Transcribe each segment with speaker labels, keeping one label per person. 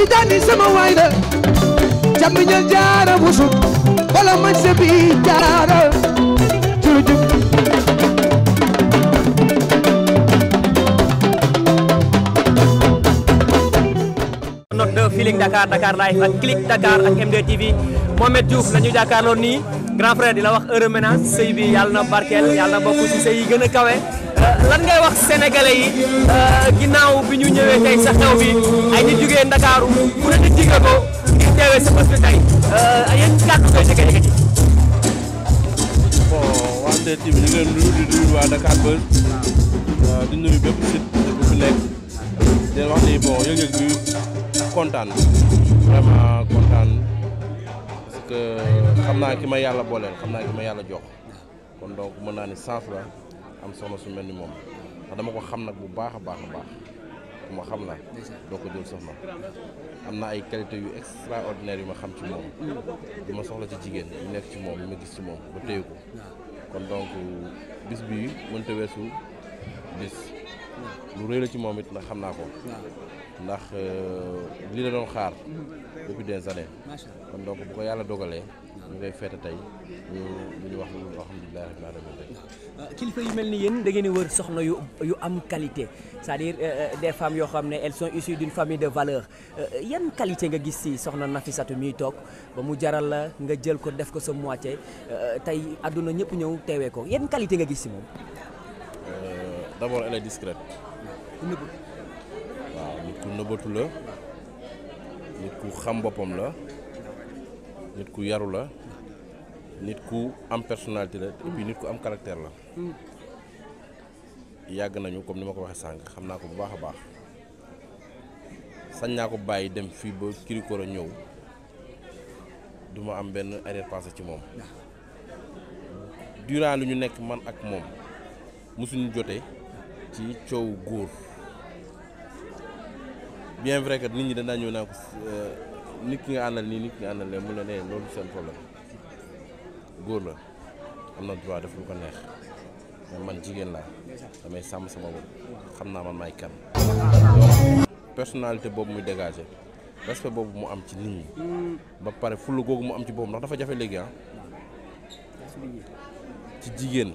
Speaker 1: tijani sama waay la jamiñal jaara busu wala man se bi jaara jurujub
Speaker 2: note de feeling Dakar Dakar live ak click Dakar ak MDTV Mohamed Diouf la ñu jàkkaarloo nii grand frère di la wax heureux ménage sëy bi yàlla na barkeel yàlla na bokk ci sëy a kawe lan ngay wax sénégalais yi euh, ginnaaw bi ñu ñëwee tey sa xew bi ay nit jugee
Speaker 1: Ndakaaru ku ne nit jigee ko ngir teewee sa bés bi tey euh, yéen kàddu koy jege jege ci. bon waa MDR TV ñu ngi leen di nuyu di nuyu euh, nekk di wax ni bon yëg-yëg bi kontaan vraiment kontaan parce xam naa ki ma yàlla booleel xam naa ki ma yàlla jox kon donc mën naa ni sens la. am soxna su mel ni moom ndax dama ko xam nag bu baax a baax baax ku ma xam la doo ko jël soxna am na ay qualité yu extraordinaire yu ma xam ci moom yu mm. ma soxla ci jigéen yu nekk ci moom yu ma gis ci moom ba téye ko kon donc bis bi mënta weesu bis lu rëy la ci moom it ndax xam naa ko. ndax euh, li la doon xaar. depuis des années. kon donc bu ko yàlla dogalee. ñu ngay feete tey ñu wax alhamdulilah rabbil alamin tey.
Speaker 2: Ah, kilifa yu mel ni yéen da ngeen di wër soxna yu yu am qualité c'est-à-dire euh, euh, des femmes yoo xam ne elles sont issues d'une famille de valeur yan qualité nga gis si soxna Nafisatu miy toog ba mu jaral la nga jël ko def ko sa moitié tey àdduna ñëpp ñëw teewee ko yan qualité nga gis si moom.
Speaker 1: d'abord elle est ku nëbbatu waaw nit ku nëbbatu la nit ku xam boppam la nit ku yaru la nit ku am personnalité la et nit ku am caractère la yàgg nañu comme ni ma ko waxee sànq xam naa ko bu baax a baax sañ naa ko bàyyi dem fii ba Kirikoro ñëw duma am benn arrière-pensée ci moom durant lu ñu nekk man ak moom mosuñu jote ci coow góor bien vrai que nit ñi danaa ñëw naa ko euh, nit ki nga àndal nii nit ki nga àndal lee mu ne nee loolu seen problème góor la am na droit def lu ko neex mais man jigéen laa damay sàmm sama bopp xam naa man maay kan personnalité boobu muy dégagé respect boobu mu am ci nit ñi ba pare fulla googu mu am ci boobu ndax dafa jafe léegi ah ci jigéen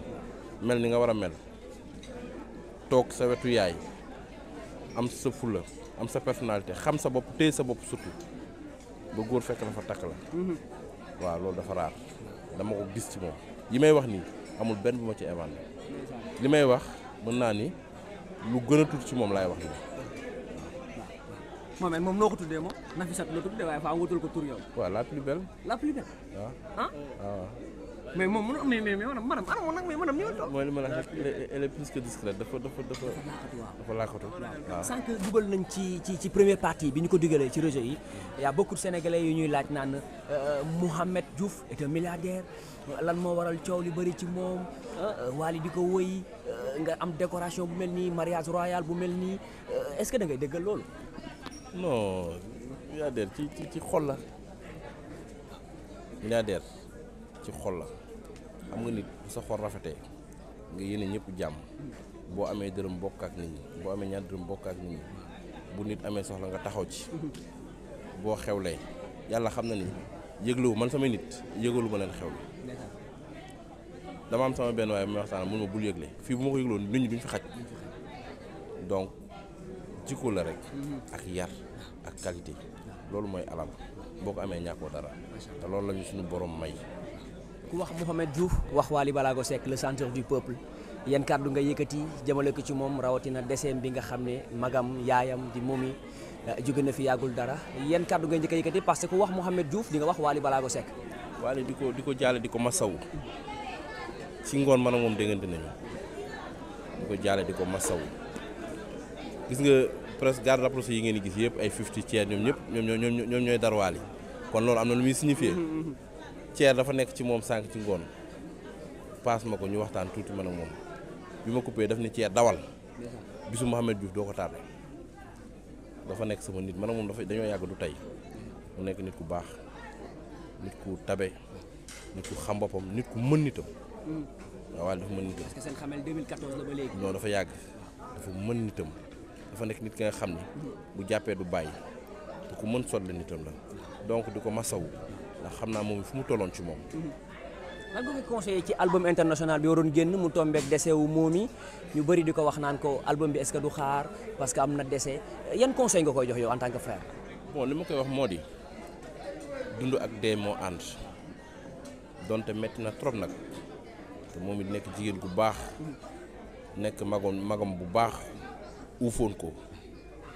Speaker 1: mel ni nga war a mel toog sa wetu yaay am sa fulla am sa personnalité xam sa bopp téye sa bopp surtout ba góor fekk la fa takk la. Mhm. waaw loolu dafa raar dama ko gis ci moom yi may wax nii amul benn bu ma ci évalué li may wax mën naa ni lu gën a tuuti ci moom laay wax nii. moom it noo ko tuddee moom Nafisat la tuddee waaye faa wutal ko tur yow. waaw la plus belle.
Speaker 2: la waaw.
Speaker 1: Ah? Ah. mais moom mënu mooy li ma la wax elle est plus que discrète dafa dafa dafa dafa laaxatu waaw sànq
Speaker 2: dugal nañ ci ci ci première partie bi ñu ko digalee ci réseau yi y bokkut beaucoup de sénégalais ñuy laaj naan Mouhamed Diouf est un lan moo waral coow li bëri ci moom waali di ko woy nga am décoration bu mel nii mariage royal bu mel nii est-ce que da ngay dëggal loolu
Speaker 1: non milliardaire ci ci xol la milliardaire ci xol la am nga nit bu sa xol rafetee nga yéene ñëpp jàmm boo amee dërëm bokk ak nit ñi boo amee ñaar dërëm bokk ak nit ñi bu nit amee soxla nga taxaw ci boo xewlee yàlla xam na ni yëgluwu man sama nit yëgalu ma leen xewle dama am sama benn waaye bu may waxtaan mun bul yëgle fii bu ma ko yëgloo nit ñi duñ fi xaj donc jikko la rek ak yar ak qualité loolu mooy alam boo ko amee ñàkkoo dara te loolu lañu suñu borom may
Speaker 2: ku wax Mouhamed Diouf wax Waly Balago Seck le centre du peuple yan kàddu nga yëkkati jëmale ko ci moom rawatina deseem bi nga xam ne magam yaayam di momi euh, jóge na fi yàggul dara yan kàddu nga njëkk a yëkkati parce que ku wax Mouhamed Diouf di nga wax Waly Balago Seck.
Speaker 1: Waly di ko di ko jaale di ko masawu ci ngoon man a moom déggante nañu di ko jaale di ko masawu gis nga presque garde rapprochée yi ngeen di gis yëpp ay 50 tiers ñoom ñëpp ñoom ñoo ñooy Thier dafa nekk ci moom sànq ci ngoon paas ma ko ñu waxtaan tuuti man ak moom bi ma coupé daf ni Thier dawal bisu Mouhamed Diouf doo ko tardé dafa nekk sama nit man ak moom dafa dañoo yàgg du tey mu nekk nit ku baax nit ku tabe nit ku xam boppam nit ku mën nitam hmm. waaw waaye dafa mën nitam. parce que
Speaker 2: seen dafa yàgg
Speaker 1: dafa mën nitam dafa nekk nit ki nga xam ni hmm. bu jàppee du bàyyi te ku mën sotti nitam la donc du ko masawu. ndax xam naa moom fu mu tolloon ci moom.
Speaker 2: lan nga koy conseillé ci album international bi waroon génn mu tombeek dese wu moomi ñu bëri di ko wax naan ko album bi est-ce que du xaar parce que am na dese yan conseil nga koy jox yow en tant que frère.
Speaker 1: bon li ma koy wax moo di ak dee moo ànd donte métti na trop nag moom it nekk jigéen gu baax nekk magam magam bu baax uufoon ko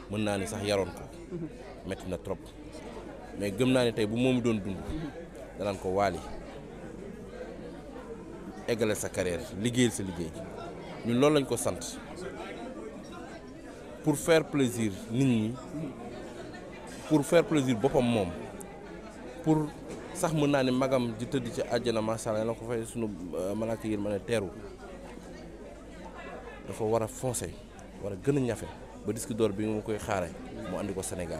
Speaker 1: mën naa ni sax yaroon ko métti na trop. mais gëm naa ne tey bu moomu doon dund danaan ko waali eggale sa carrière liggéeyal sa liggéey ñun loolu lañ ko sant pour faire plaisir nit ñi pour faire plaisir boppam moom pour sax mën naa ne magam di tëdd ci àjjana macha allah la ko fay suñu euh, malaaka yi ma ne teeru dafa war a foncer war a gën a ñafe ba disque d'or bi nga koy xaare mu andi ko Sénégal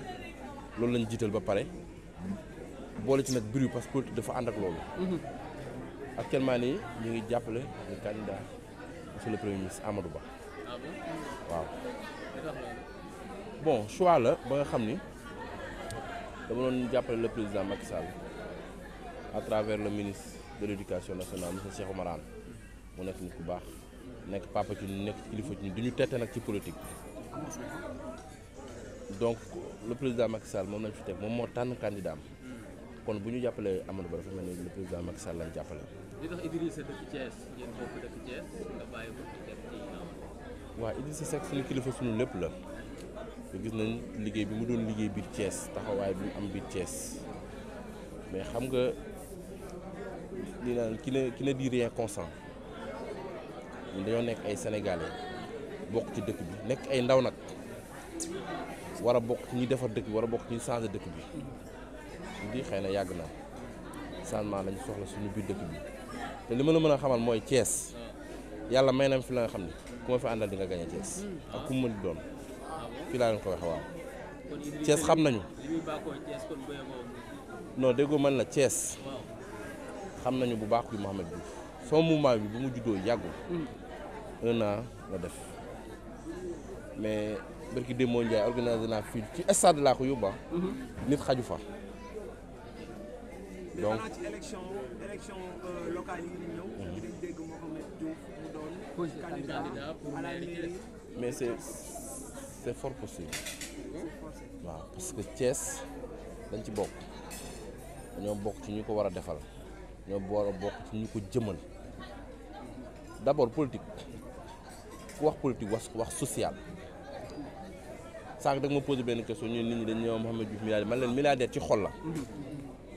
Speaker 1: loolu lañ jiital ba pare boole ci nag bruit parce que dafa ànd ak loolu. Mhm. actuellement nii ñu ngi jàppale le candidat monsieur le premier ministre Amadou Ba. Ah waaw. bon choix la ba nga xam ni dama doon jàppale le président Macky Sall à le ministre de l' éducation nationale monsieur Cheikh Oumar Anne mu nekk nit ku baax nekk papa ci ñu nekk kilifa ci ni du ñu tette nag ci politique. donc le président Macky moom lañ fi teg moom moo tànn candidat am kon bu ñu jàppalee Amadou Ba dafa mel ni le président Macky lañ jàppale.
Speaker 2: li tax Idrissa dëkk Thiès ngeen bokk
Speaker 1: kilifa suñu lépp la te gis nañ liggéey bi mu doon liggéey biir cees taxawaay bi mu am biir Thiès mais xam nga li naan ki ne ki ne di rien constant ñun dañoo nekk ay sénégalais bokk ci dëkk bi nekk ay ndaw nag. war a bokk ci ñuy defar dëkk bi war a bokk ci ñuy changer dëkk bi lii xëy na yàgg na changement lañ soxla suñu biir dëkk bi te li mën a mën a xamal mooy cees yàlla may na fi la nga xam ne ku ma fi àndal di nga gañ a Thiès ak ku mu doon fii laa ko waxee waaw xam nañu non déggoo man la cees xam nañu bu baax kuy Mouhamed Diouf sama bi bu mu juddoo yàggul mm. un an la def mais barki Demba Ndiaye organisé naa fii ci stade laa ko yóbba ah. mhm. nit xaju fa. donc
Speaker 2: euh, mhm.
Speaker 1: mais c' fort possible. waaw parce que Thiès dañ ci bokk dañoo bokk ci ñu ko war a defal ñoo war a bokk ci ñu ko jëmal d' abord politique ku wax politique wax social. sànq da nga ma posé benn question ñun nit ñi dañu ñëw Mouhamed Diouf milliardaire man leen milliardaire ci xol la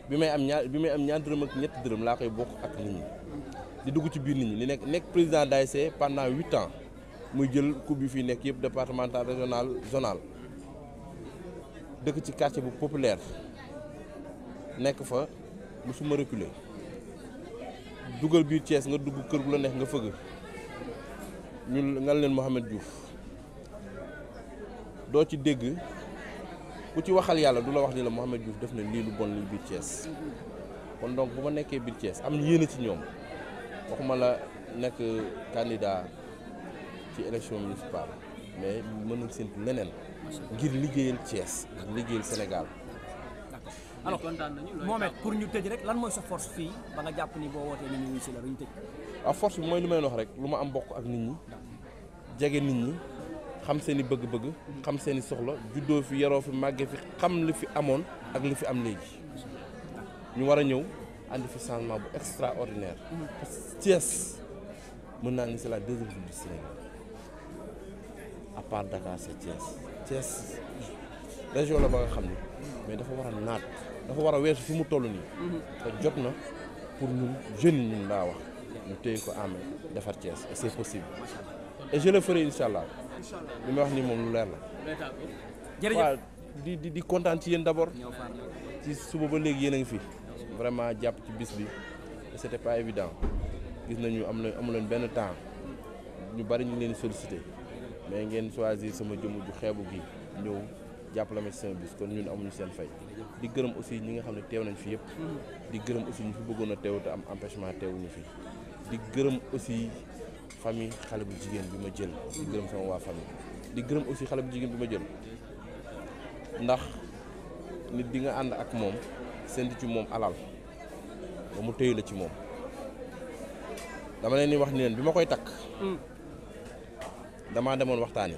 Speaker 1: bi may am ñaar bi may am ñaar dërëm ak ñetti dërëm laa koy bokk ak nit ñi di dugg ci biir nit ñi li nekk nekk président d'ASC pendant huit ans muy jël coupe bi fi nekk yëpp départemental régional zonal dëkk ci quartier bu populaire nekk fa musuma reculer dugal biir Thiès nga dugg kër gu la neex nga fëgg ñu nga leen Mouhamed Diouf doo ci dégg ku ci waxal yàlla du la wax ni la Mouhamed Diouf def na lii lu bon lii biir Thiès kon donc bu ma nekkee biir Thiès am yéene ci ñoom waxuma la nekk candidat ci élection municipale mais mën na séntu leneen ngir liggéeyal Thiès ak liggéeyal Sénégal.
Speaker 2: alors Mohamed pour ñu tëj rek lan mooy sa force fii
Speaker 1: ba nga jàpp ni boo wootee nit ñi wuyu si la duñ tëj. waaw ah, force bi mooy li may wax rek lu ma am mbokk ak nit ñi jege nit ñi. xam seen i bëgg-bëgg xam seeni i soxla juddoo fi yaroo fi màggee fi xam li fi amoon ak li fi am léegi ñu war a ñëw andi fi changement bu extraordinaire parce que Thiès mën naa ni c'est la deuxième ville du Sénégal à part la ba xam ni mais dafa war naat dafa war a weesu fi mu toll nii te jot na pour ñun jeunes ñun laa wax ñu téye ko amee defar Thiès et c'est possible et je le li
Speaker 2: may wax ni moom lu leer la.
Speaker 1: jërëjëf di di di kontaan ci yéen d' abord ci suba ba léegi yéen a ngi fi vraiment jàpp ci bis bi c' était pas évident gis nañu am na amuloon benn temps ñu bari ñu leen sollicité mais ngeen choisir sama jëmm ju xeebu gi ñëw jàppale ma ci sama bis kon ñun amuñu seen fay. di gërëm aussi ñi nga xam ne teew nañ fi yëpp. di gërëm aussi ñu fi bëggoon a teew te am empêchement teewuñu fi di gërëm aussi. famille xale bu jigéen bi ma jël di gërëm sama waa famille di gërëm aussi xale bu jigéen bi ma jël ndax nit di nga ànd ak moom séntu ci moom alal ba mu téyu la ci moom dama leen di wax ni leen bi ma koy takk mm. damaa demoon waxtaani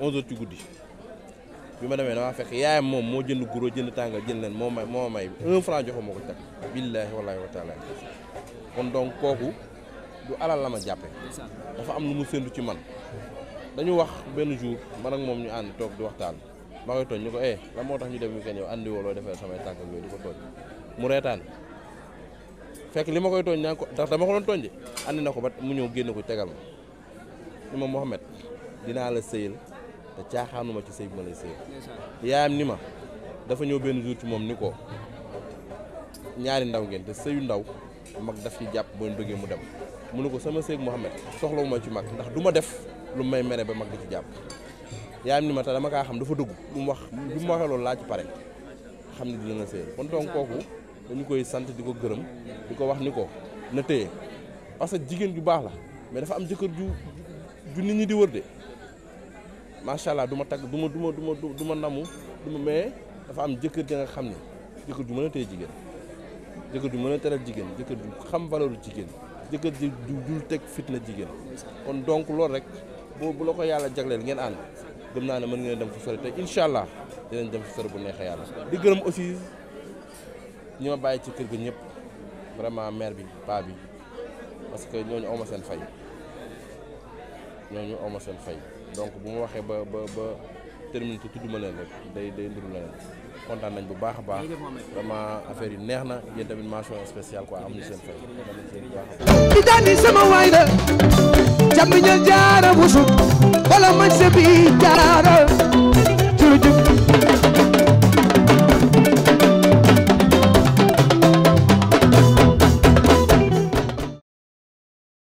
Speaker 1: onze heures ci guddi bi ma demee damaa fekk yaayam moom moo jënd guro jënd tàngal jën leen moo may moo may un franc moo ko takk billaahi wallaahi wa kon donc kooku du alal la ma jàppe dafa am lu mu séntu ci man dañu wax benn jour man moom ñu ànd toog di waxtaan ma koy tooñ ni ko eh lan moo tax ñu def weekend yow àndi samay tànk yooyu di ko tooñ mu reetaan fekk li ma koy tooñ naa ko ndax dama ko na ko ba mu ñëw génn ko tegal ma ni dinaa la sëyal te caaxaanu ma ci sëy bi ma lay sëyal yaayam ni ma dafa ñëw benn jour ci moom ni ko ñaari ndaw ngeen te sëyu ndaw mag daf ci jàpp boo bëggee mu dem mu ne ko sama sëeg Mouhamed soxla wu ci mag ndax du ma def lu may mere ba mag di ci jàpp yaayam ni ma ta dama kaa xam dafa dugg lu mu wax lu mu waxee loolu laaj ci pare xam ne dina nga sëy kon donc kooku dañu koy sant di ko gërëm di ko wax ni ko na téye parce que jigéen ju baax la mais dafa am jëkkër ju ju nit ñi di wër de macha allah du ma tagg du ma du ma du du ma namu du ma mais dafa am jëkkër ja nga xam ne jëkkër ju mën a téye jigéen jëkkër ju mën a teral jigéen jëkkër ju xam valeur jigéen jëkkër ji du dul teg fit la jigéen kon donc loolu rek boobu bu la ko yàlla jagleel ngeen ànd gëm naa ne mën ngeen dem fu sori te incha allah dinañ dem fu sori bu neexee yàlla di gërëm aussi ñi ma bàyyi ci kër gi ñëpp vraiment mère bi paa bi parce que ñooñu awma seen fay ñooñu awma seen fay donc bu ma waxee ba ba ba terminé te tudduma leen rek day day nduru leneen kontaan nañ bu baax a baax vraiment affaire yi neex na yéen tamit mention spéciale quoi am na seen fay di daani sama waay la jàmm
Speaker 2: ñal jaara busub wala mañ se jaara